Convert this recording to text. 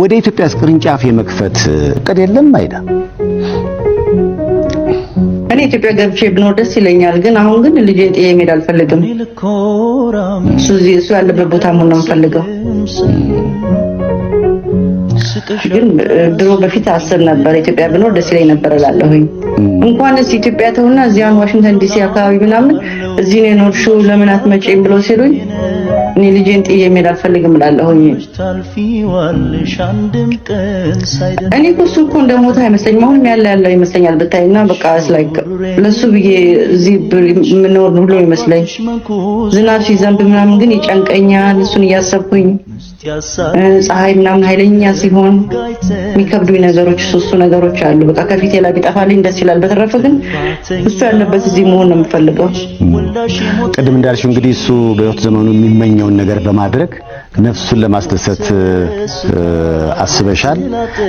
ወደ ኢትዮጵያ ቅርንጫፍ የመክፈት እቅድ የለም አይዳ? እኔ ኢትዮጵያ ገብቼ ብኖር ደስ ይለኛል፣ ግን አሁን ግን ልጄ ጥዬ መሄድ አልፈልግም። እሱ እዚህ እሱ ያለበት ቦታ መሆን ነው የምፈልገው። ግን ድሮ በፊት አስብ ነበር ኢትዮጵያ ብኖር ደስ ይለኝ ነበር እላለሁኝ እንኳን እንኳንስ ኢትዮጵያ ተውና እዚያን ዋሽንግተን ዲሲ አካባቢ ምናምን እዚህ ነው የኖርሽው ለምን አትመጪም ብሎ ሲሉኝ እኔ ልጄን ጥዬ መሄድ አልፈልግም እላለሁኝ። እኔ እኮ እሱ እኮ እንደሞተ አይመስለኝም። አሁንም ያለ ያለው ይመስለኛል ብታይና በቃ ላይክ ለሱ ብዬ እዚህ የምኖር ብሎ ይመስለኝ። ዝናብ ሲዘንብ ምናምን ግን ይጨንቀኛል። እሱን እያሰብኩኝ ፀሐይ ምናምን ኃይለኛ ሲሆን የሚከብዱኝ ነገሮች እሱ ነገሮች አሉ። በቃ ከፊቴ ላይ ቢጠፋልኝ ደስ ይችላል። በተረፈ ግን እሱ ያለበት እዚህ መሆን ነው የምፈልገው። ቅድም እንዳልሽው እንግዲህ እሱ በህይወት ዘመኑ የሚመኘውን ነገር በማድረግ ነፍሱን ለማስደሰት አስበሻል።